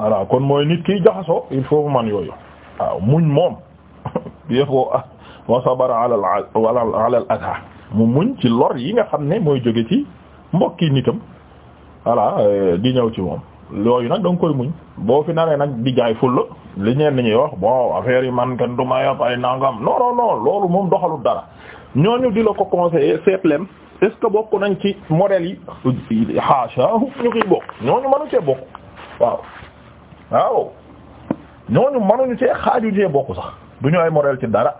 voilà kon mooy nit ki jaxasoo il faut man yooyu waaw muñ moom yëfoo ah wa sabara ala al ala al mu muñ ci lor yi nga xam ne mooy jóge ci mbokk mbokki nitam voilà euh, di ñëw ci moom yooyu nag da nga koy muñ boo fi naree nag di jaay fulla li ñeen ñuy wax bon affaire yi man kenn du ma yab ay nangam non non loolu moom doxalut dara ñooñu di la ko conseiller seet leen est bokk nañ ci modèle yi xaasa ñu kiy bokk ñooñu mënu cee bokk waaw waaw ñooñu mënuñu ci xaaju jee bokk sax du ñu ay modèle ci dara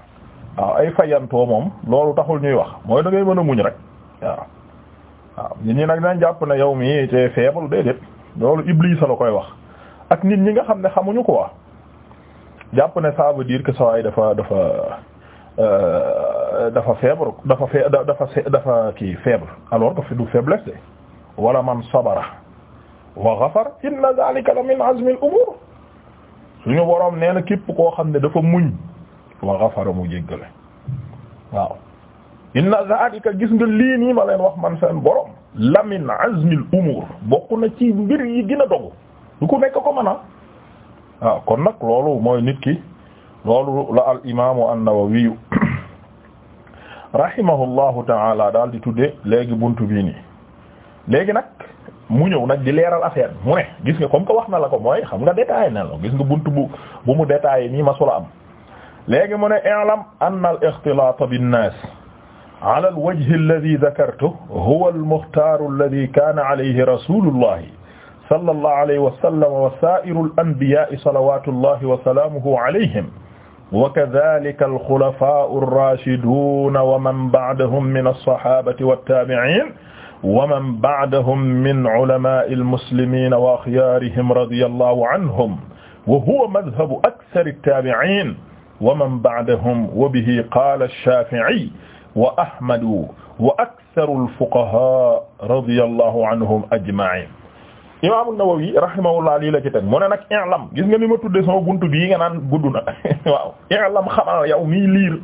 waaw ay fayantoo moom loolu taxul ñuy wax mooy da mën a muñ rek waaw waaw nit ñi nag dañ jàpp ne yow mi te faible déedéet loolu Iblis la koy wax ak nit ñi nga xam ne xamuñu ko wax jàpp ne ça veut dire que sa dafa dafa euh, dafa faible dafa dafa dafa kii faible alors que du faiblesse de wala man sabara wa ghafar inna zalika la min azmi al-umur suñu boroom nee na képp koo xam ne dafa muñ wa ghafara mu jéggale waaw inna zalika gis nga lii ma leen wax man seen boroom la min azmi al-umur na ci mbir yi gën a dogu du ku nekk ko mën a kon nag loolu mooy nit ki loolu la al imaamu an-Nawawi rahimahullahu ta'ala daal di tudde léegi buntu bii nii léegi mu ñëw nag di leeral affaire mu ne gis nga comme que wax na la ko mooy xam nga détaillé na la gis nga buntu bu bu mu détaillé nii ma sula am léegi mu ne i'lam anna al-ixtilaat bin-naas ala al-wajhi alladhi dhakartu huwa al-mukhtaar alladhi kaana alayhi rasuulullahi sallallahu alayhi wa sallam wa saa'iru al-anbiyaa'i salawaatullahi wa salaamuhu alayhim wa kadhalika al-khulafaa'u ar-raashiduuna wa man ba'dahum mina as-sahaabati wat-taabiciin wa man ba'dahum min ulama'i al-muslimina wa akhyarihim radiyallahu anhum wa huwa madhhabu akthari at-tabi'in wa man ba'dahum wa bihi qala ash-shafi'i wa ahmad wa aktharu al-fuqaha radiyallahu anhum ajma'in imam an-Nawawi rahimahullah lii la ci teg mu ne nag i'lam gis nga ni ma tudde sama buntu bii nga naan gudd na waaw i'lam xamal yow mii liir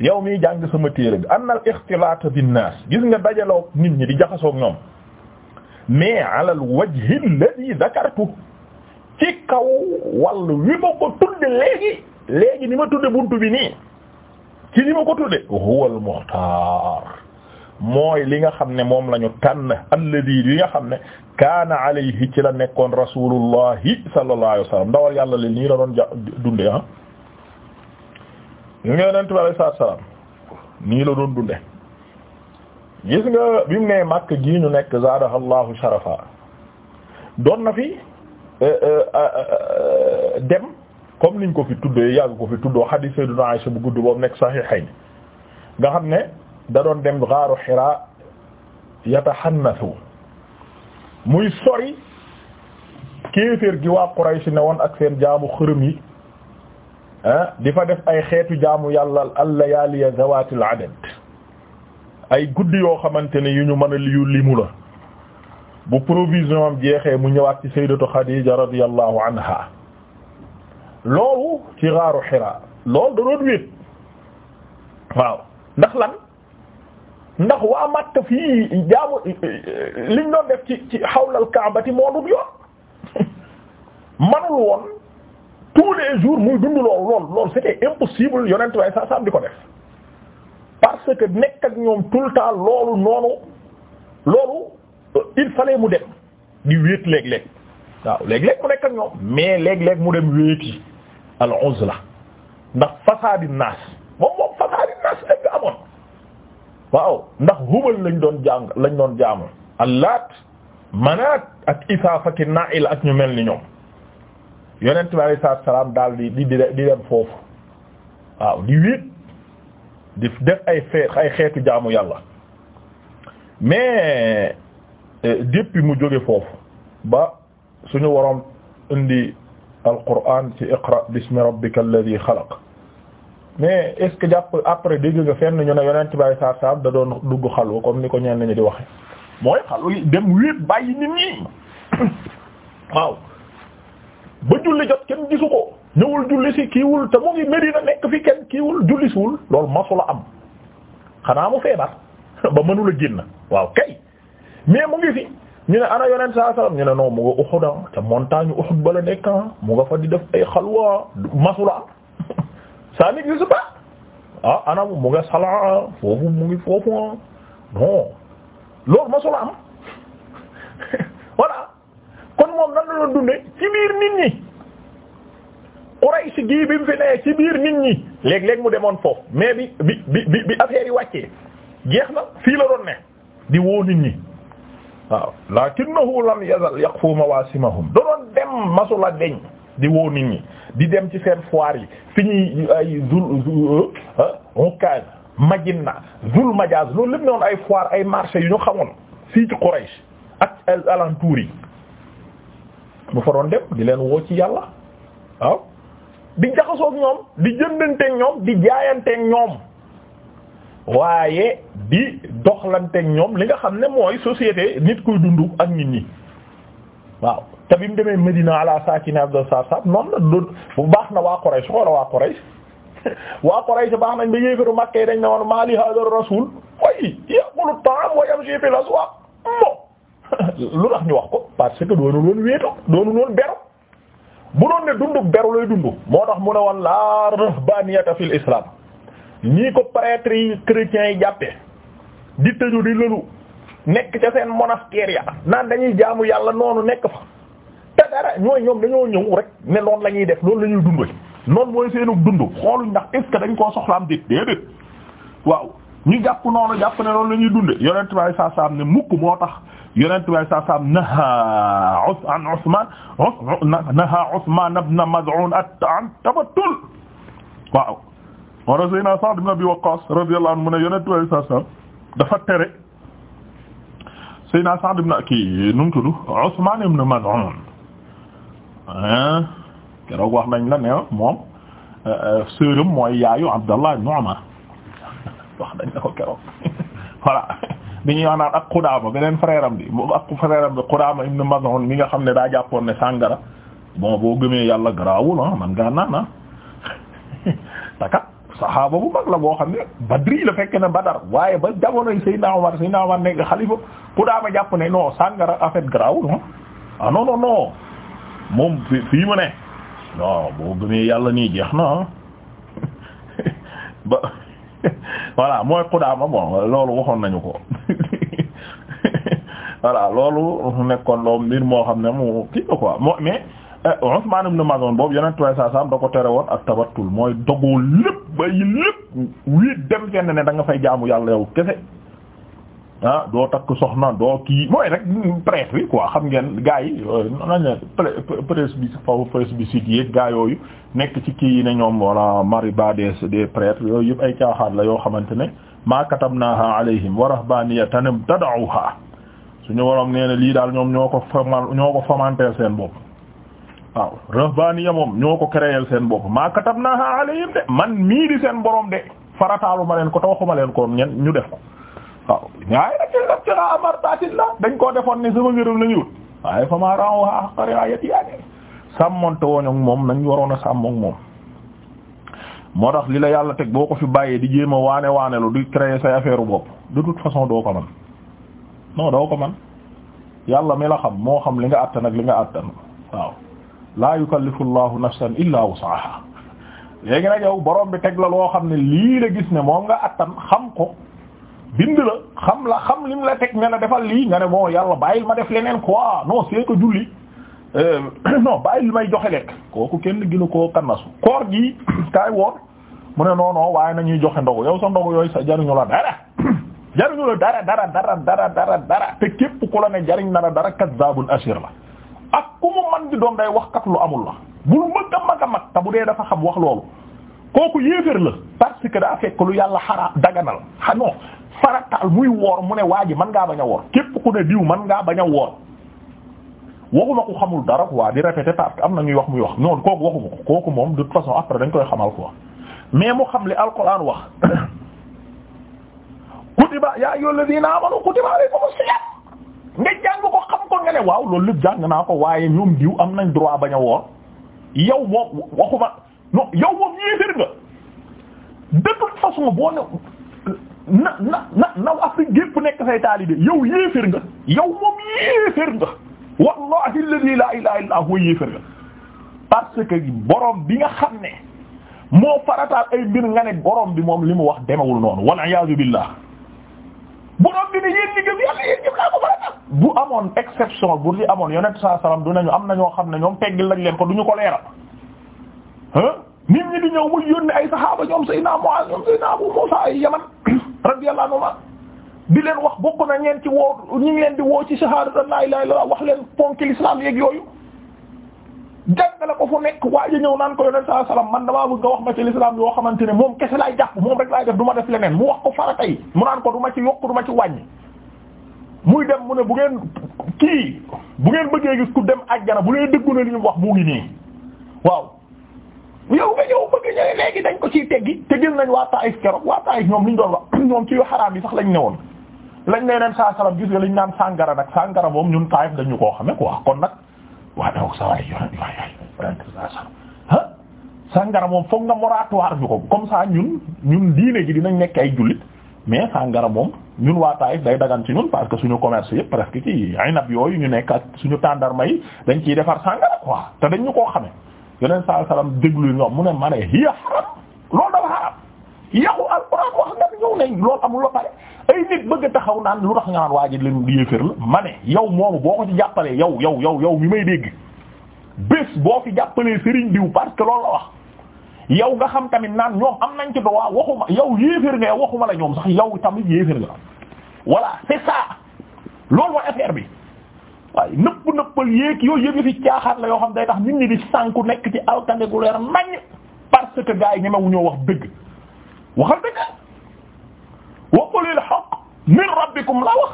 yow mi jàng sama téere bi anna al bi bin naas gis nga dajalook nit ñi di jaxasoog ñoom mais ala al wajhi alladhi dhakartu ci kaw wàll wi ma ko tudde léegi léegi ni ma tudde buntu bi nii ci ni ma ko tudde huwa al mooy li nga xam ne moom la ñu tànn alladi li nga xam ne kaana alayhi ci la nekkoon rasulullahi sallallahu alayhi wa sallam ndawal yàlla li nii la doon ja dundee ah ñu ngi yonent bi alayhi salaam nii la doon dunde gis nga bi mu nee Makka gii ñu nekk zaadahallahu sharafa doon na fi eh, eh, eh, dem comme niñ ko fi tuddee yàgg ko fi tuddoo hadith Sayyidina Aisha bu gudd boobu nekk sahihayn nga xam ne da doon dem gaaru Hira yatahannasu muy sori kéefër gi waa Quraysh ne woon ak seen jaamu xërëm yi Ah, di fa def ay xeetu jaamu yàlla al-layaali zawaatil adad ay guddi yoo xamante ne yu ñu mën a yu limu la bu provision am jeexee mu ñëwaat ci sayyidatu Xadiija radiyallahu anha loolu ci gaaru Hiraa loolu da doon waaw ndax lan ndax waa Makka fii jaamu liñ doon def ci xawla xawlal Kaabati moo dul yoon manul woon tous les jours muy dund lool lool lool c'était impossible yonent waaye saa saa di ko def parce que nekk ak ñoom tout le temps loolu noonu loolu euh, il fallait mu dem di wéet léeg-léeg waaw léeg-léeg mu nekk ak ñoom mais léeg-léeg mu dem wéeti al uzla ndax fasaadi naas moom moom fasaadi naas lañ amoon waaw ndax hubal lañ doon jàng lañ doon jaamu al laat manaat ak isaafa ki naa'il ak ñu mel ni ñoom. yonent bi alayhi salaatu salaam daal di di di dem foofu waaw di wéet di def ay feet ay xeetu jaamu yàlla mais euh, depuis mu jóge foofu ba suñu waroon indi alquran ci iqra bismi rabbika alladhi xalaq mais est-ce que jàpp après dégg nga fenn ñu ne yonent bi alayhi salaatu salaam da doon dugg xalwa comme ni ko ñenn ñi di waxe mooy xalwa dem wéet bàyyi nit ñi waaw ba julli jot kenn gisu ko ñëwul julli si kiiwul te mu ngi Medina nekk fi kenn kiiwul julli siwul loolu masula am xanaa mu feebar ba mënula génn waaw kay mais mu ngi fi ñu ne ana yonent saa salaam ñu ne non mu nga Uhud ca ah. montagne Uhud ba la ah. mu nga fa di def ay xalwa masula am ça n'existe pas ah ana mu nga Salaa ah. foofu mu ngi foofu non loolu masula am voilà nan la doon dunde ci biir nit ñi Quraysh gii bi mu fi nee ci biir nit ñi léeg-léeg mu demoon foofu mais bi bi bi bi affaire yi jeex na fii la doon ne di woo nit ñi waaw lakinnahu lam yazal yaqfu mawasimahum doon dem masula deñ di woo nit ñi di dem ci seen foire yi fi ñuy ay zul euh, zul Ukaz Majinna zul loolu lépp ne woon ay foire ay marché yu ñu xamoon fii ci Quraysh ak alentours yi mu fa doon dem di leen woo ci yàlla waaw di jaxasoog ñoom di jëndanteeg ñoom di jaayanteeg ñoom waaye di doxlanteeg ñoom li nga xam ne mooy société nit kuy dund ak nit ñi waaw te bi mu demee Medina ala sakina abdul sarsab noonu la doon bu baax na waa Quraysh xoola waa Quraysh waa Quraysh baax nañ ba yéefaru Makka yi dañ ne woon maali hadar rasul way yaqulu ta'am wa yamshi fil aswaq mo lu tax ñu wax ko parce que doonul woon wéeto doonul woon beru bu doon ne dundu beru lay dundu moo tax mu ne woon la rahbaniyata fil islam ñii ko prêtre yi chrétiens yi jàppee di tëju di lëlu nekk ca seen monastère ya naan dañuy jaamu yàlla noonu nekk fa te dara ñooy ñoom dañoo ñëw rek ne noonu la ñuy def loolu lañuy ñuy dund noonu mooy seenu dund xooluñ ndax est ce que dañ koo soxla am déet waaw ñu jàpp noonu jàpp ne loolu la ñuy dunde yonent bi saa saam ne mukk moo tax yonent bi saa saam naha an Usman naha Usman ibn Maz'un an tabattul waaw wara Seydina Sa'd ibn Abi Waqqas radiyallahu anhu mu ne yonent bi saa saam dafa tere Seydina Sa'd ibn kii nu mu tudd Usman ibn Maz'un keroog wax nañ la ne moom euh, euh, sërëm mooy yaayu Abdallah ibn Umar wax dañ la bi ñuy wax naan ak Qudaama beneen frère am bi ak frère am bi Qudaama ibn Maz'un mi nga xam ne daa jàppoon ne sàngara bon boo gëmee yàlla garaawul ah man ngaa naan ah. takat saxaaba bu mag la boo xam ne Badri la fekk na Badar waaye ba jamonoy Seydina Omar Seydina Omar nekk xalifa Qudaama jàpp ne non sàngara affaire garaawul ah. ah non non non moom fii mu ne non boo gëmee yàlla nii jeex na ah. voilà mooy Qudaama bon loolu waxoon nañu ko voilà loolu nekkoon loo mbir moo xam ne mu kii la quoi moo mais euh, Usmaan ibn Maz'un boobu yeneen trois cent cent da ko tere woon ak tabattul mooy dogoo lépp bàyyi lépp wii dem fenn ne da nga fay jaamu yàlla yow kese. Ah doo takk soxna doo kii mooy rek presse bi quoi xam ngeen gars yi euh, nañ ne presse bi faw presse bi sit yeeg yooyu nekk ci kii yi ne ñoom wala mariba des yooyu yëpp ay caaxaan la yoo xamante ne ma katabnaha alayhim wa rahbaniyatan tad'uha suñu waroom nee na lii daal ñoom ñoo ko famal ñoo ko famanteel seen bopp waaw rahbaniya moom ñoo ko créer seen bopp ma katabnaha alayhim de man mii di seen borom de farataalu ma leen ko te waxuma leen ko ñen ñu def ko waaw waaye rek rab ci raa amartaatin la dañ koo defoon ne sama ngërëm lañuy wut waaye fa maa raa waa ak xare waa yet yaane sàmmoonte woñook moom nañ waroon a sàmmook moom moo tax li la yàlla teg boo ko fi bàyyee di jéem a waane waanelu di créer say affaire bopp de toute façon doo ko man non doo ko man yàlla mi la xam moo xam li nga àttan ak li nga àttan waaw laa yukallifu llahu nafsan illa wusaha léegi nag yow borom bi teg la loo xam ne lii la gis ne moom nga àttan xam ko bind la xam la xam lim la teg ne la defal lii nga ne moo yàlla bàyyil ma def leneen quoi non c'est que julli euh, non bàyyil may joxe lekk kooku kenn gënu koo kannasu koor gi kaay woor mu ne non non waaye nañuy joxe ndogu yow sa ndogu yooyu sa jariñu la dara jariñu la dara dara dara dara dara te képp ku la ne jariñ na la dara kazzabul ashir la ak ku mu man di doon day wax kat lu amul la bul mag a mag a mag te bu dee dafa xam wax loolu kooku yéeféer la parce que lu yàlla xaraa daganal ah farataal muy woor mu ne waa ji mën ngaa bañ a woor képp ku ne diw mën ngaa bañ a woor waxuma ko xamul dara waa di répéter parce am na ñuy wax muy wax noonu kooku waxuma ko kooku moom de toute façon après dañ koy xam quoi mais mu xam li alquran wax kutiba yaa ayyuhal ladina amanu kutiba alaykumus siyam nga jàng ko xam ko nga ne waaw loolu jàng naa ko waaye ñoom diw am nañ droit baña a woor yow moom waxuma non yow moom yéefér nga de façon boo na na na naw Afrique gépp nekk say taalibe yow yéefér nga yow moom yéefér nga wallahi alladhi la ilaha illa huwa yéefér nga parce que borom bi nga xam ne moo farataal ay mbir nga ne borom bi moom li mu wax demewul noonu wal iyaazu billah borom bi ne yéen ñi gëm amoon exception bu du nañu am na ñoo xam ne ñoom teggil lañ leen ko du ko leeral nit ñi di ñëw mu yónni ay saxaaba ñoom Seydina Muaz ñoom Seydina Abu Musa ay Yaman radiyallahu anhu di leen wax bokk na ngeen ci woo ñu ngi leen di woo ci shahadatu la ilaha la wax leen ponk l'islam yeeg yooyu la ko fu nekk waa ji ñëw naan ko yonent sallallahu alayhi wasallam man damaa bëgg nga wax ma ci l'islam yoo xamante ne moom kese laay jàpp moom rek laay def du def leneen mu wax ko farata yi mu naan ko du ma ci yokk du ma ci wàññi muy dem mu ne bu ngeen kii bu ngeen bëggee gis ku dem àjjana bu leen dëggu na li ñu wax mu ngi nii waaw yow nga ñëw bëgg ñëw léegi dañ ko ciy teggi te jël nañ waa Taif keroog waa Taif ñoom li ñu doon wax ñoom ci yu xaraam yi sax lañ ne woon lañ ne leen saa salam gis nga naan sàngara nag sàngara moom ñun Taif dañu koo xame quoi kon nag waa daw sa waay yoon waay sàngara moom foog nga moratoire bi ko comme ça ñun ñun diine ji dinañ nekk ay jullit mais sàngara moom ñun waa Taif day dagan ci ñun parce que suñu commerce yëpp presque ci ay nab yooyu ñu nekk ak suñu tàndarma yi dañ ciy defar sàngara quoi te dañ ñu koo xame yeneen saa salaam déglu ñoom mu ne ma ne hiya xaram loolu dafa xaram yàqu wax nga ñëw nañ loolu amul la pare ay nit bëgg taxaw naan lu tax nga naan waa ji leen di yéeféer la ma ne yow moomu boo ko ci jàppalee yow yow yow yow mi may dégg bés boo fi jàppalee Serigne diw parce que loolu la wax yow nga xam tamit naan ñoom am nañ ci droit waxuma yow yéeféer nga waxuma la ñoom sax yow tamit yéeféer nga walla c'est ça loolu mooy bi. waay nëpp nëppal yéeg yooyu yëpp fi caaxaar la yoo xam day tax nit ñi di sànku nekk ci alkande gu leer naññ parce que gars yi ñemewuñoo wax dëgg waxal dëgg wa qulil haqq min rabbikum la wax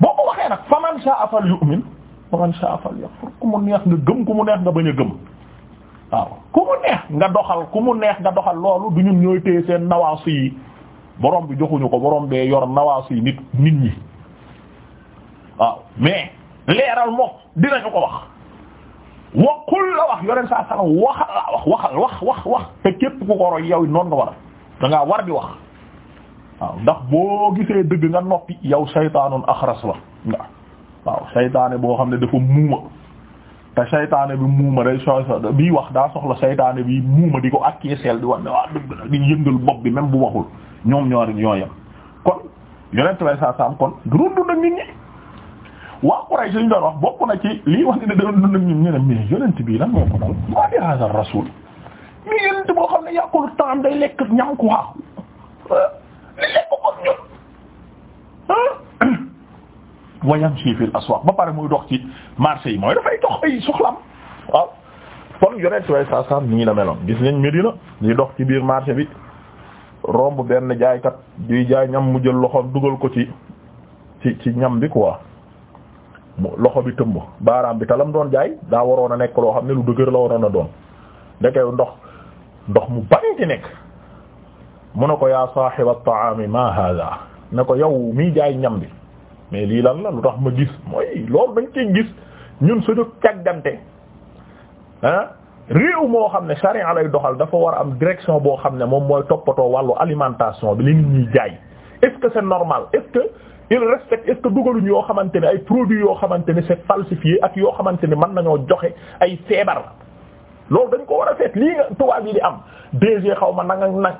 boo ko waxee sha'a falyu'min waman sha'a ku mu neex nga gëm ku mu neex nga bañ a gëm waaw ku mu neex nga doxal ku mu neex nga doxal loolu du ñun ñooy téye seen nawaasu yi boroom bi joxuñu ko borom bee yor nawaasu yi nit nit ñi waaw mais leeral moom dinañu ko wax waxul la wax yoreen saa sala waxal la wax wax wax wax te képp ku ko roy yow noonu nga war da ngaa war di wax waaw ndax boo gisee dëgg nga noppi yow saytaanun axras la waaw waaw saytaane boo xam ne dafa muuma te saytaane bi muuma day so bi wax daa soxla saytaane bi muuma di ko akkee seel di wax ne waa dëgg nag di yëngal bopp bi même bu waxul ñoom ñoo ñoo yem kon yonent lay saa kon du dund nag nit waa Quraysh li ñu doon wax bokk na ci lii wax ne doon dund ak ñun yonent bii lan moo ko dal maa di hasa rasul yonent boo xam ne yàqulu temps day lekk ñam ku waaw li lekk ko ñun wa yamshi fil aswaq ba pare muy dox ci marché yi mooy dafay dox ay soxlam waaw kon yonent way sa sam nii la meloon gis nañ Medina di dox ci biir marché bi romb benn jaaykat di jaay ñam mu jël loxoom dugal ko ci ci ci ñam bi quoi loxo bi tëmb baaraam bi la mu doon jaay daa waroon a nekk loo xam ne lu dëgër la waroon a doon ndeke ndox ndox mu bari di nekk mu ne ko yaa saaxib at-ta'aami ma hada ne ko yow mii jaay ñam bi mais lii lan la lu tax ma gis mooy loolu dañ koy gis ñun suñu càggante ah réew moo xam ne charia lay doxal dafa war a am direction boo xam ne moom mooy toppatoo wàllu alimentation bi li nit ñuy jaay est-ce que c'est normal est-ce que il respecte est-ce dugaluñ yoo xamante ne ay produits yoo xamante ne c'est falsifié ak yoo xamante ne mën nañoo joxe ay feebar la loolu dañ ko war a seet lii nga tubaab yi di am DG xaw ma nang ak nang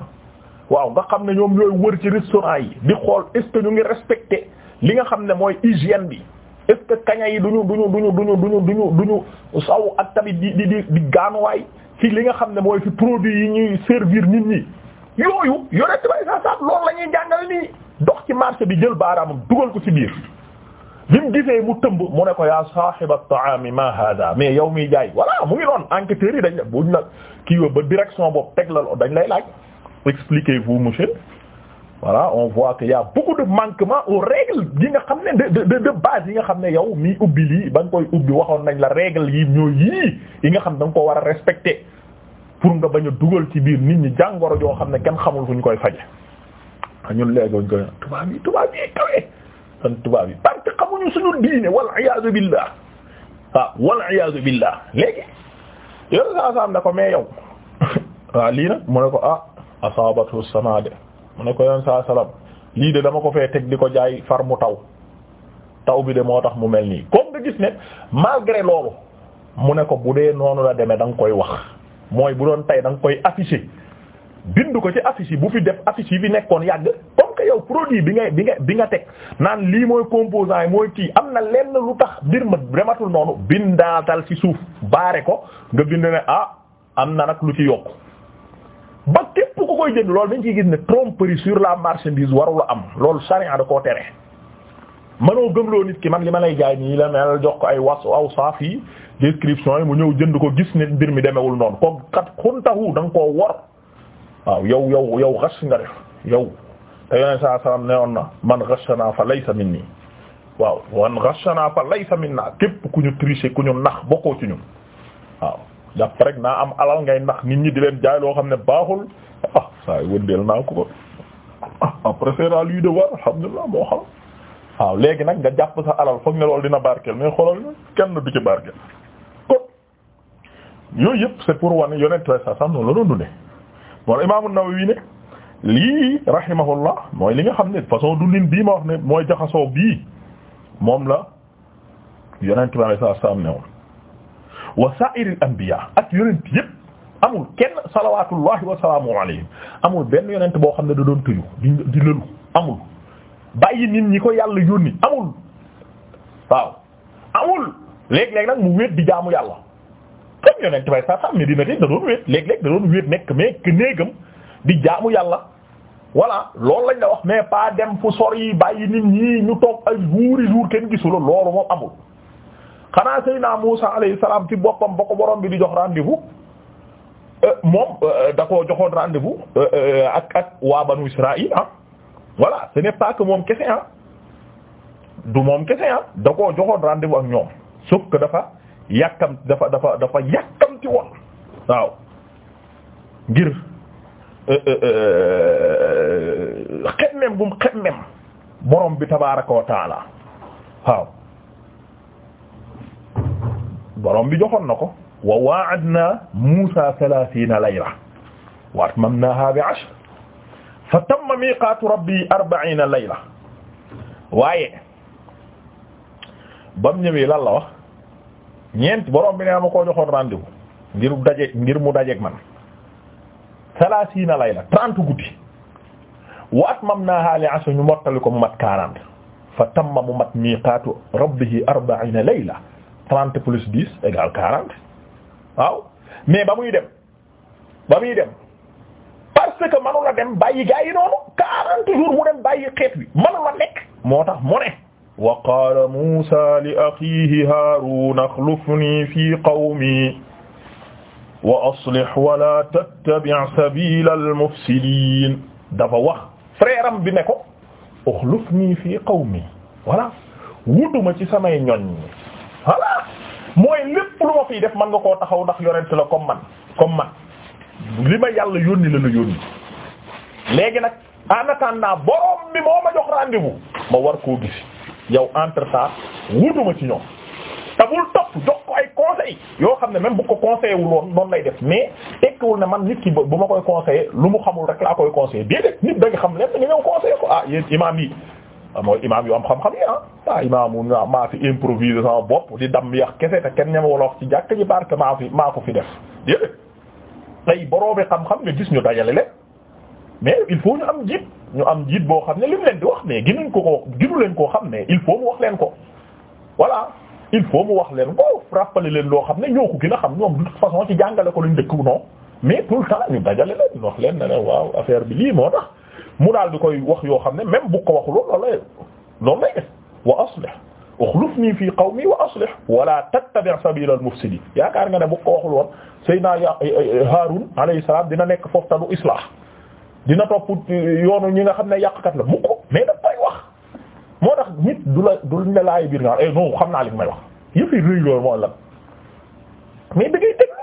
waaw nga xam ne ñoom ñooy wër ci restaurant yi di xool est-ce que ñu ngi respecté li nga xam ne mooy hygiène bi est-ce que kaña yi duñu duñu duñu duñu duñu duñu duñu saw ak tamit di di di di gaanuwaay ci li nga xam ne mooy fi produit yi ñuy servir nit ñi yooyu yonent bay sa sab loolu la jàngal nii dox ci marché bi jël baaraamam dugal ko ci biir bi mu gisee mu tëmb mu ne ko yaa saahiba at ma hada mais yow miy jaay voilà mu ngi noon enquêteurs yi dañ la buñ la kii woo ba direction boobu teg la dañ lay laaj expliquez-vous monsieur voilà on voit que y a beaucoup de manquements aux règles yi nga xam ne de de de base yi nga xam ne yow miy ubbi lii ba nga koy ubbi waxoon nañ la règles yi ñooy yii yi nga xam da nga ko war a respecter pour nga bañ a dugal ci biir nit ñi jàngoro joo xam ne kenn xamul fu koy faje ñun léegoñ ko tubaab yi tubaab yi kawee tubaab yi parce xamuñu suñu diine wal iyaazu billah waaw ah, wal iyaazu billah léegi yow saa saam na ko mais yow waaw lii nag mu ne ko ah asabatu sama de mu ne ko yoon saa salam lii de dama ko fee teg di ko jaay far mu taw taw bi de moo tax mu mel nii comme nga gis ne malgré loolu mu ne ko bu dee noonu la demee danga koy wax mooy bu doon tay danga koy afficher bind ko ci affiche yi bu fi def affiche yi fi nekkoon yàgg comme que yow produit bi ngay bi nga bi nga teg naan lii mooy composant yi mooy kii am na lenn lu tax mbir ma dematul noonu bindaatal ci suuf baare ko nga bind ne ah am na rak lu ci yokk ba képp ku koy jënd loolu dañ ciy gis ne tromperie sur la marchandise warula am loolu charia da koo tere mënoo loo nit ki man li ma lay jaay nii la mel jox ko ay was aw saaf yi description yi mu ñëw jënd ko gis ne mbir mi demewul noonu ko kat xuntahu da nga koo waaw yow yow yow xas nga def yow te yoneen saa salaam ne woon na man ghashana fa laysa minni waaw man ghashana fa laysa minna képp ku ñu tricher ku ñu nax bokkoo ci ñun waaw jàpp rek naa am alal ngay nax nit ñi di leen jaay loo xam ne baaxul ah saa yu wëndeel naa ko ko ah après c'est à lui de voir alhamdulilah moo xam waaw léegi nag nga jàpp sa alal foog ne loolu dina barkeel mais xoolal kenn du ci barkeel kon yooyu yëpp c'est pour wane yonent saa salaam noonu la doon wala Imaam An-Nawawi ne lii rahimahullah mooy li nga xam ne façon dundin bii ma wax ne mooy jaxasoo bii moom la yonent bi alayhi ne woon wa sa'iril anbiya ak yonent yépp amul kenn salawatullahi wa amul benn yonent boo xam ne da doon tëju di di lëlu amul bàyyi nit ñi ko yàlla yónni amul waaw amul léeg-léeg nag mu wéet di jaamu yàlla kon yonent bay saa sax Medina de da doon wéet léeg-léeg da doon wéet nekk mais que néegam di jaamu yàlla voilà loolu lañ la wax mais pas dem fu sor yi bàyyi nit ñi ñu toog ay jour i jour kenn gisuloo loolu moom amul xanaa Seydina Muusa alayhi salaam ci boppam bokk ko borom bi di jox rendez-vous euh, moom euh, da koo joxoon rendez-vous euh, ak ak waa banu Israël ah voilà ce moom kese ah du moom kese ah da koo joxoon rendez-vous ak ñoom sauf dafa yàkkam dafa dafa dafa yàkkamti woon waaw ngir euh, euh, euh, xemmem gum xemmem borom bi tabaaraka wa taala waaw borom bi joxoon na ko wa wa'adna Musa thalathina layla wa atmamnaha bi ashr fa tamma miqatu rabbi arba'ina layla waaye bam ñëwee lan la wax ñeent borom bi ne ma a joxoon rendez-vous ngir daje ngir mu dajeeg man salaasiina layla trente guddi wa atmamnaahaa li ashrin ñu mottali ko mu mat quarante fa tamma mu mat miiqaatu rabbihi arba'iina layla trente plus dix égale quarante waaw mais ba muy dem ba muy dem parce que manu dem bàyyi gaa yi noonu quarante jours mu dem bàyyi xeet wi manu la moo tax mu ne wa qaala Muusaa li axiihi Haaruun axlufnii fii qawmii wa aslih wala tattabi' sabiilal mufsidiin dafa wax frère bi ne ko axlufnii fii qawmii voilà wutuma ci samay ñoñ voilà mooy lépp lu ma fiy def man nga koo taxaw ndax yorent la comme man comme man li ma yàlla yónni la la yónni léegi nag en attendant borom bi moo ma jox rendez-vous ma war koo gis yow entre ça wutuma ci ñoom te bul topp jox ko ay conseil yoo xam ne même bu ko conseillé wul woon noonu lay def mais tekkiwul ne man nit ki bu ma koy conseillé lu mu xamul rek laa koy bi déedéet nit da nga xam leen nga ñëw conseillé ko ah yéen imaam yi ah, mooy am xam-xam yi ah ah imaamu ah, fi improviser bopp di dam yax kese te kenn ñeme wala wax ci jàkk ji barke maa fi maa ko fi def déedéet ay boroomi xam-xam nga gis ñu dajale leen mais il faut ñu am jiit ñu am jiit boo xam ne li mu leen di wax mais ginuñ ko ko ginu leen koo xam ne il faut mu wax leen ko voilà il faut mu wax leen ko leen loo xam ne ñoo ko gën a xam ñoom de toute façon ci jàngale ko luñ dëkk non mais tout le temps ñu dajale leen wax leen ne leen waaw affaire bi lii moo tax mu daal di koy wax yoo xam ne même bu ko waxul loolu lay loolu lay def wa aslih ukhlifni fi qawmi wa aslih wala tattabi' sabila al-mufsidin yaakaar nga ne bu ko waxul woon Seydina Haarun alayhi salaam dina nekk foofu tanu islah dina topp euh, yoonu ñi nga xam ne yàqkat la mu ko mais daf koy wax moo tax nit du la du la laay biir nga eh xam naa li may wax yëf yi rëy loolu moo la mais da ngay déglu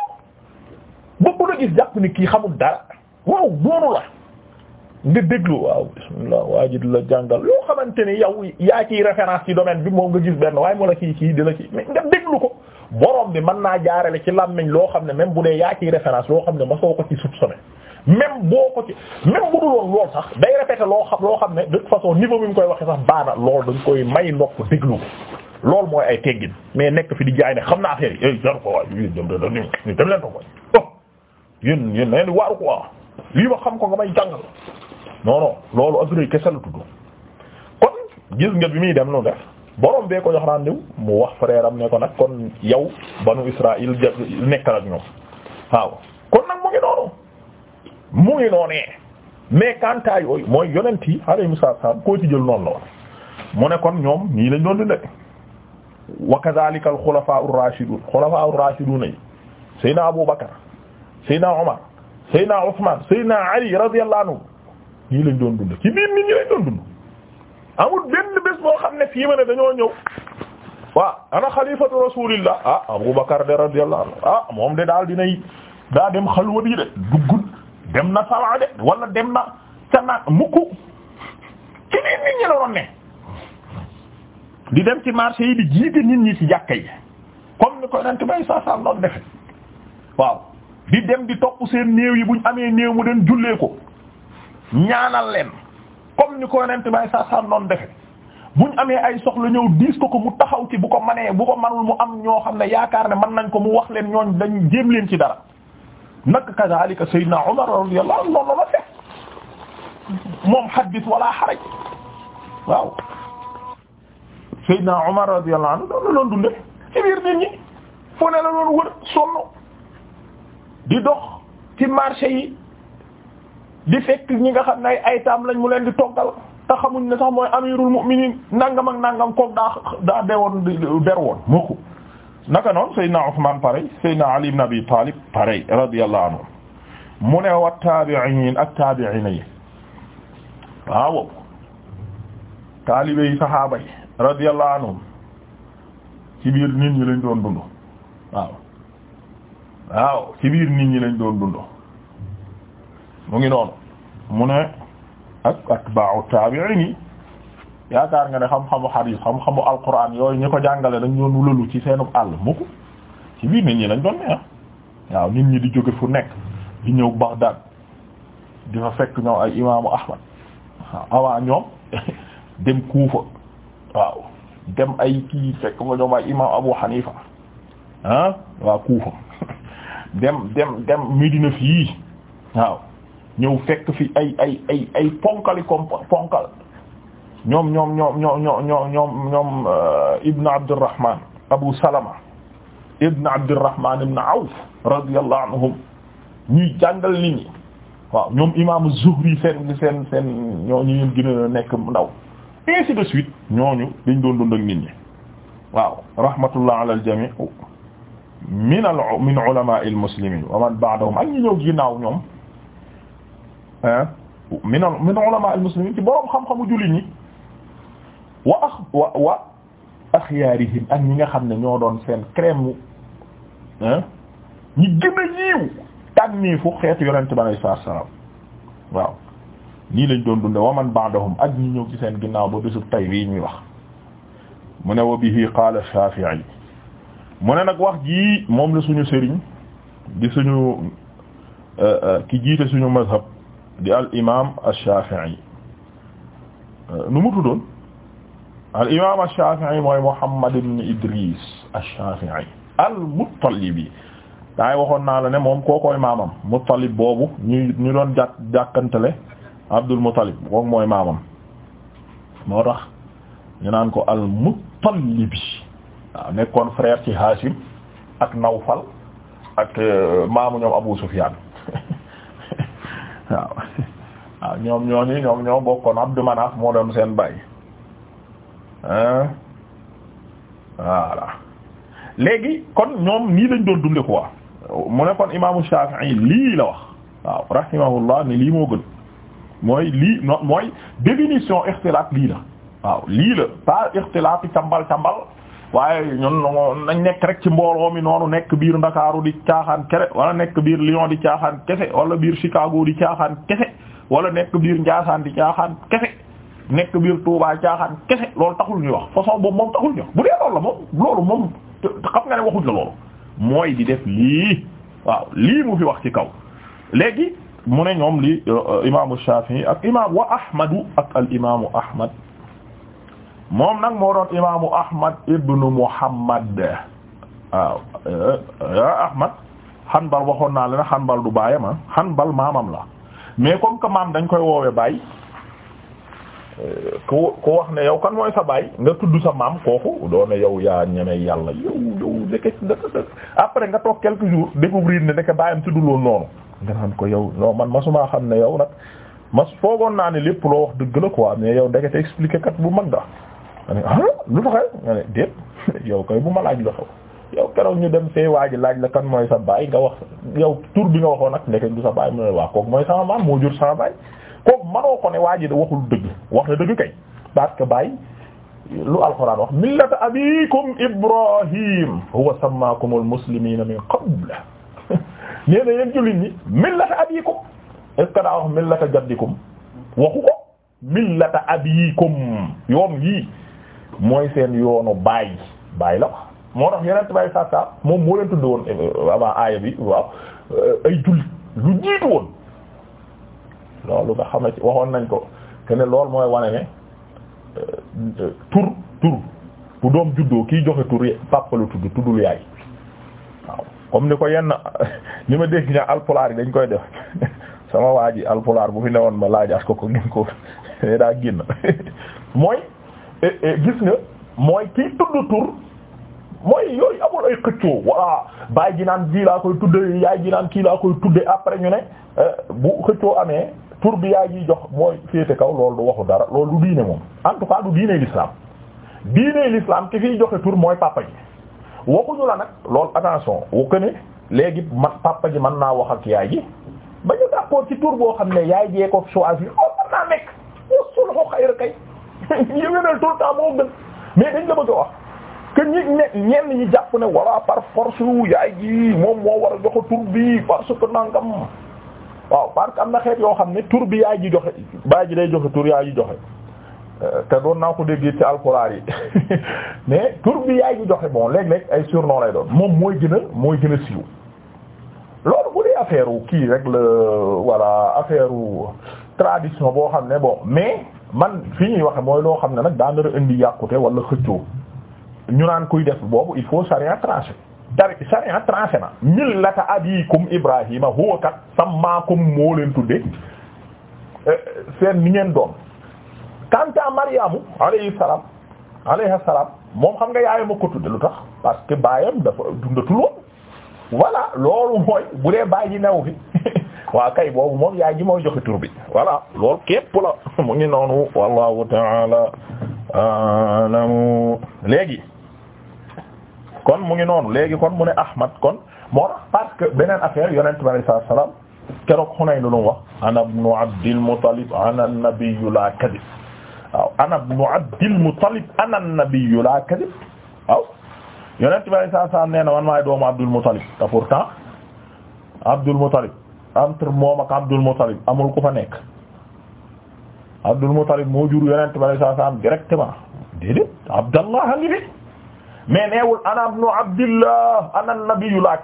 bu la gis jàpp ni kii xamul dara waaw doonu la nga déglu waaw bismillah waa ji la jàngal yoo xamante ni yow yaa ciy référence ci domaine bi moom nga waaye moo la kii kii di la kii mais nga déglu ko borom bi mën naa jaarale ci làmmiñ loo xam ne même bu dee yaa ciy référence loo xam ne ma soo ko ci soupçonné même boo ko ci même bu dul woon lool sax day répété loo xam loo xam ne de toute façon niveau bi mu koy waxee sax baana lool dañ koy may nopp déglu ko loolu mooy ay teggin mais nekk fi di jaay ne xam na affaire yi eh jar ko waay yéen dem dem leen ko mooy oh yéen yéen na lii ma xam ko nga may jàngal non loolu ak rëy kese la tudd kon gis nga bi muy dem lu def borom bee ko jox rendez-vous mu wax frère am ne ko nag kon yow banu Israël nekkal ak ñoom waaw kon nag mu ngi noonu. mu ngi noonee mais kantaa yooyu mooy yonent yi alayhimu salaam koo ci jël noonu la woon mu ne kon ñoom ñii lañ doon dundee wa kadhalika al xulafaa ur raashidun xulafaa ur raashidun yi Seydina Abu Bakar Seydina Omar Seydina Ousmane Seydina Ali radiyallahu anhu ñii doon dund ci biir nit ñi lañ doon dund amul benn bés boo xam ne fii ma ne ñëw ana xalifatu rasulillah ah Abu Bakar de radiyallahu ah moom de daal dinay daa dem xalwa di de dugg dem na Saba de wala dem na ca na mukku ci nit nit ñi la ne di dem ci marché yi di jiite nit ñi ci jàkka yi comme ni ko nent bay sa sam doon defe waaw di dem di topp seen néew yi buñ amee néew mu den jullee ko ñaanal leen comme ni ko nent bay sa sam doon defe buñ amee ay soxla ñëw diis ko ko mu taxaw ci bu ko manee bu ko manul mu am ñoo xam ne yaakaar ne mën nañ ko mu wax leen ñooñ dañ jéem leen ci dara nak kazaalika Seydina Umar radiyallahu anhu noonu la fekk moom xaddis wala xaraj waaw Seydina Umar radiyallahu anhu noonu la doon dundee ci biir nit ñi fu ne la doon wër sonn di dox ci marché yi di fekk ñi nga xam ne ay lañ mu leen di toggal te xamuñ ne sax mooy amirul mu'minin nangam nangam koog daa daa dee woon ber naka noonu Seydina Usmaan pare Seydina Ali ibn Abi Talib pare radiyallahu anhu mu ne wa taabi'iin ak taabi'iina yi waaw taalibe yi saxaaba yi radiyallahu anhum ci biir nit ñi lañ doon dund waaw waaw ci biir nit ñi lañ doon dund mu ngi noon mu ne ak atbaa'u taabi'iin yi yaakaar nga ne xam-xamu xadiis xam-xamu alquran yooyu ñu ko jàngale dañ doon wulalu ci seenu àll mukk ci biir nit ñi dañ doon neex ah. waaw nit ñi di jóge fu nekk di ñëw Bagdad di fa fekk ñoom ay imaamu Ahmad waaw avant ñoom dem Kuufa waaw dem ay kii fekk fa ñoom ay imaam Abu Hanifa ah waa Kuufa dem dem dem Medina fii waaw ñëw fekk fi ay ay ay ay ponkali comme ponkal ñoom ñoom ñoom ñoom ñoom ñoom ñoom eh, Ibn Abdurrahman Abu Salama Ibn Abdurrahman Ibn Awf radiyallahu anhum ñuy jàngal nit ñi waaw ñoom imaamu Zuhri seen seen ñoo ñu leen gën nekk ndaw ainsi de suite ñooñu dañ doon dund ak nit ñi waaw rahmatullah ala al jami' min al min al muslimin wa man ak ñi ñëw ginnaaw ñoom ah min min al muslimin ci boroom xam-xamu jullit ñi wa ax wa wa axyaarihim ak ñi nga xam ne ñoo doon seen crème ah ñi gën a tànniifu xeetu yonente bi alayhi salaatu waaw nii lañ doon dunde wa man ba'dahum ak ñi ñëw ci seen ginnaaw ba bésub tay wii ñuy wax mu ne wa bihi qaala Shaafi'i mu ne nag wax jii moom la suñu sëriñ di suñu euh, euh, ki jiite suñu mazhab di al imaam al Shaafi'i euh, nu mu tuddoon al imaam ash-Shafi'i mooy Muhammad ibn Idris ash-Shafi'i al-Muttalibi daay waxoon naa la ne moom kookooy maamam Muttalib boobu ñu ñu doon jàkk jàkkantale Abdul Muttalib kook mooy maamam moo tax ñu naan ko al-Muttalibi waaw nekkoon frère ci Hashim ak Nawfal ak euh, maamu ñoom Abu Sufyan waaw waaw ñoom ñooñu ñoom ñoo bokkoon Abdu Manaf moo doon seen baay voilà léegi kon ñoom nii lañ doon dunde quoi mu ne kon imaamu Shafi'i lii la wax waaw rahimahullah ne lii moo gën mooy lii no mooy définition ixtilaat lii la waaw lii la pas ixtilaat cambal cambal waaye ñun nañ nekk rek ci mbooloo mi noonu nekk biir Ndakaaru di caaxaan kese wala nekk biir Lyon di caaxaan kese wala biir Chicago di caaxaan kese wala nekk biir Njaasaan di caaxaan kese nekk biir Touba caaxaan kese loolu taxul ñuy wax façon boobu moom taxul ñuy bu dee loolu la moom loolu moom xam nga ne waxuñ la loolu mooy di def lii waaw lii mu fi wax ci kaw léegi mu ne ñoom li euh, euh, imaamu Shafi'i ak imaam wa Ahmadu ak al imaamu Ahmad moom nag moo doon imaamu Ahmad ibnu Muhammad waaw euh, Ahmad waxoon naa la ne Hanbal du baayam Hanbal maamam la mais comme que maam dañ koy woowee baay ku ku wax ne yow kan mooy sa baay nga tudd sa maam kooku doone yow yaa ñeme yàlla yow yow ndeke après nga toog quelques jours découvrir ne ndeke baayam tudd loo noonu nga naan ko yow non man masumaa xam ne yow nag mas foogoon naa ne lépp loo wax dëgg la quoi mais yow ndekete expliqué kat bu mag da ma ne ah lu taxee nga ne déet yow kay bu ma laaj la xaw yow keroog ñu dem fee waa ji laaj la kan mooy sa baay nga wax yow tur bi nga waxoon nag ndeke du sa baay mu ne mooy sama maam moo jur sama baay kooku mënoo ko ne waa waxul dëgg wax na dëgg kay parce que bàyyi lu alxuraan wax millata abikum ibrahim huwa sammakumul muslimina min qabl nee na yéen jullit ñi millata abikum est daa wax millata jaddikum waxu ko millata abikum yoon yii mooy seen yoonu baay baay la moo tax yeneen baay saab saab moom moo leen tudd woon eh, avant aaya bi waaw euh, ay jullit lu jiitu woon loolu nga xama ci waxoon nañ ko te ne loolu mooy wane ne euh, tur tur bu doom juddoo kiy joxe tur papa la tudd tuddul yaay waaw comme ni ko yenn li ma dégg ñaa alpulaar yi dañ koy def sama waa ji alpulaar bu fi woon ma laajaat ko ko gën ko ne daa génn mooy gis nga mooy kiy tudd tur mooy yooyu amul ay xëccoo walla baay ji naan ji laa koy tudd yaay ji naan kii laa koy tudde après ñu ne euh, bu xëccoo amee tour bi yaa ngi jox mooy féete kaw loolu du waxu dara loolu du diine moom en tout cas du diine l'islam diine l'islam ki fiy joxe tur mooy papa ji waxuñu la nag loolu attention wu ko ne léegi ma papa ji man naa wax ak yaay ji ba ñu d'accord ci tur boo xam ne yaay jee ko choisir oh mën naa nekk mosul ko xayra moo gën mais dañ la bëgg a wax que ñi ne ñenn ñi jàpp ne walla par force yaay ji moom moo war a joxe bi parce que nangam. waaw parce que am na xeet yoo xam ne tour bi yaay ji joxe baay ji day joxe tur yaay ji joxe te doon naa ko déggee ci alxuraan yi mais tur bi yaay ji joxe bon léeg-léeg ay surnom lay doon moom mooy gën a mooy gën a siiw loolu bu dee affaire wu kii rek la voilà affaire wu tradition boo xam ne bon mais man fi ñuy waxe mooy loo xam ne nag daa nar a indi yàqute wala xëccoo ñu naan kuy def boobu il faut charia tranché dar sharia tranché na millata abikum ibrahima huwa kat sammaakum moo tudde eh, seen ni ngeen doon kanta mariamu alayhi salaam alayha salaam moom xam nga yaayam ko tudde lu tax parce que baayam dafa dundatul woon voilà loolu mooy bu dee baay ji new fi waa kay boobu moom yaay ji mooy joxe bi voilà lool képp la mu ngi noonu wallahu ta'ala alamu kon mu ngi noonu léegi kon mu ne Ahmad kon moo parce que beneen affaire yonent bi alayhi salaam keroog Hunayn lu mu wax ana ibnu Abdil Muttalib ana nabiyyu laa kadib waaw ana ibnu Abdil Muttalib salaam nee na man maay doomu Abdul Muttalib te pourtant Abdul Muttalib entre moom ak Abdul Muttalib amul ku fa nekk Abdul Muttalib moo jur yonent bi alayhi salaam directement déedéet Abdallah ngi fi mais neewul ana ibnu abdillah ana nabiyyu laa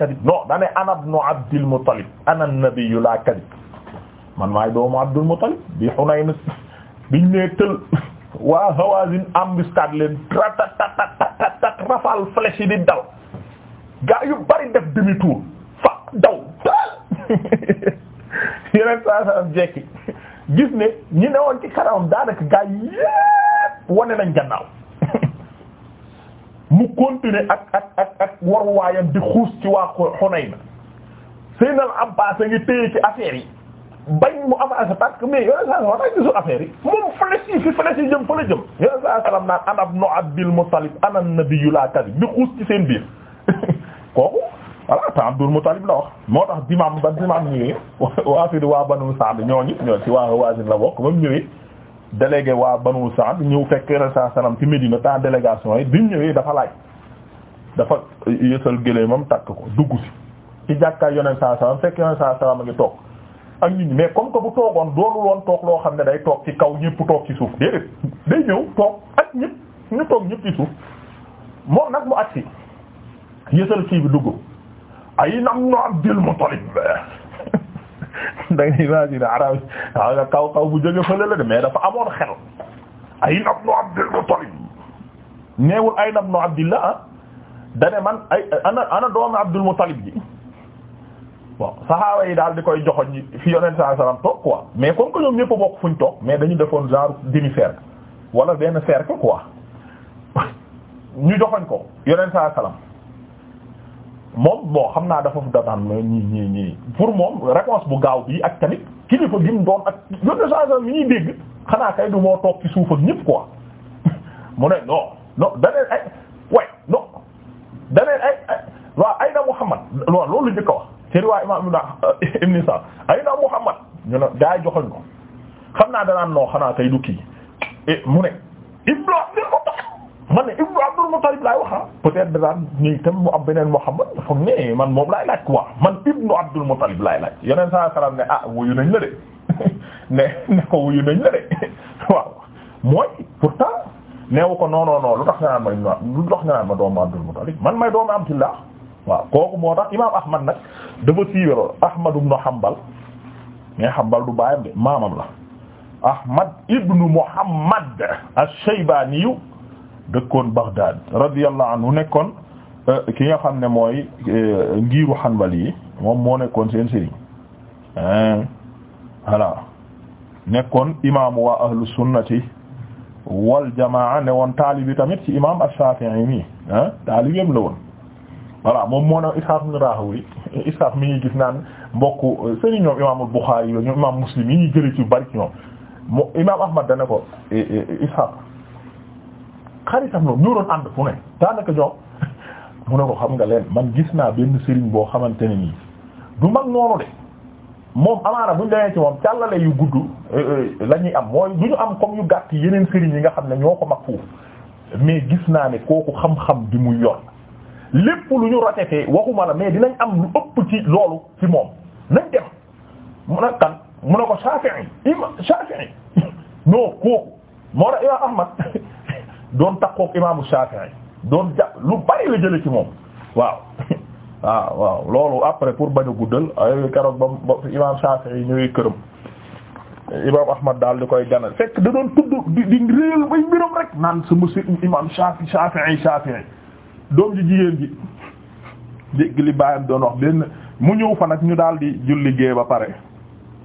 ana ibnu abdil muttalib ana bi Hunayn biñ Hawazin embuscade leen rafal flèche yi di dal gaa yu def demi fa daw daal yeneen saa saa jekki gis ne ñi newoon ci kanamam daanaka gaa yépp wane nañ gannaaw mu continuer ak ak ak ak waruwaayam di xuus ci waa Xunayna Seydina Abbaas a ngi téye ci affaire yi bañ mu am as parce que mais yoneen saa sallam daa gisul affaire yi moom fële si fi fële si jëm fële jëm yoneen saa sallam naan ana ibnu Abdil Muttalib ana nabiyyu laa kadib di xuus ci seen biir kooku voilà te Abdul Muttalib la wax moo tax dimaam ba dimaam ñëwee waa fi di waa Banu Sa'd ñooñu ñoo ci waa Hawaazin la bokk ba mu ñëwee délégué waa Banu Sa'd ñëw fekk yeneen saa salaam ci Médina temps délégation yi bi mu dafa laaj dafa yësal gëléemam takk ko dugg si. ci jàkkaay yeneen saa salaam fekk yeneen saa salaam a ngi toog ak nit ñi mais comme que bu toogoon doonul woon toog loo xam ne day toog ci kaw ñëpp toog ci suuf déedéet day ñëw toog ak ñëpp ñu toog ñëpp ci suuf moom nag mu agsi yësal kii bi dugg ay nam no Abdul Muttalib da ngay imaginer arab nga kaw kaw bu jóge fële la de mais dafa amoon xel ay nab nu Abdul Muttalib neewul ay nab nu Abdillah ah dane man ay ana ana doomu Abdul Muttalib ji bon saxaaba yi daal di koy joxoñ fi yonent sallallahu alayhi wasallam toog quoi mais comme que ñoom ñëpp bokk fuñ toog mais dañu defoon genre demi-cercle wala benn cercle quoi ñu joxoñ ko yonent sallallahu alayhi wasallam moom bon xam naa dafa danaan ma ñi ñi pour moom réponse bu gaaw bi ak tamit kilifa gi mu doon ak yónne changement mi ñuy dégg xanaa kay du moo toog mu ne non non daneen ay way euh, naa danaan non xanaa kay man ne ibnu Abdul Muttalib laay wax ah. peut-être daan ñuy tam mu am beneen Muhammad foog ne man moom laay laaj quoi man ibnu Abdul Muttalib laay laaj yeneen saa salaam ne ah wuyu nañ la de ne ne ko wuyu nañ la de waaw mooy pourtant neewu ko non lu tax nga naan ma ibnu Abdul Muttalib man may doomu Abdullah waaw kooku moo tax imaam Ahmad nag dafa siiwee Ahmad ibnu Hanbal mais Hanbal du baayam de maamam la Ahmad ibnu Muhammad dëkkoon Baghdad radiyallahu anhu nekkoon euh, ki nga xam ne mooy euh, ngiiru Hanbali yi moom moo nekkoon seen sëriñ voilà nekkoon imaamu waa ahlu sunnati wal jamaa ne woon taalibi tamit ci imaam Ash-Shafi'i mi ah taalibeem la woon voilà moom moo ne Ishaq ibn Rahowi Ishaq mi ngi gis naan mbokk euh, sëriñ ñoom imaamul Bukhari ñoom imaam Muslim yi ñuy jëlee ci bari ñoom imaam Ahmad dana ko eh, eh, Ishaq xaritam loolu ñoo doon ànd fu ne daanaka ñoom mu ne ko xam nga leen man gis naa benn sëriñ boo xamante ne nii du mag noonu de moom amaana buñ demee ci moom càllale yu gudd euh, euh, la ñuy am mooy du ñu am comme yu gàtt yeneen sëriñ yi nga xam ne ñoo ko mag foofu gis naa ne kooku xam-xam bi mu yor lépp lu ñu rotete waxuma la mais dinañ am lu ëpp ci loolu ci moom nañ dem mu ne kan mu ne ko Shafi'i imam Shafi'i kooku moo ra Imam Ahmad doon takkook imaamu Shafi'i doon jàpp lu bari la jële ci moom waaw waaw ah, waaw loolu après pour bañ a guddal ay keroog ba ba imaam Shafi'i ñëwee këram imaam Ahmad daal di koy ganal fekk da doon tudd di di réel bay mbiram rek naan sama sëriñ imaam Shafi'i Shafi'i doom ji jigéen ji dégg li baayam doon wax benn mu ñëw fa nag ñu daal di julli gée ba pare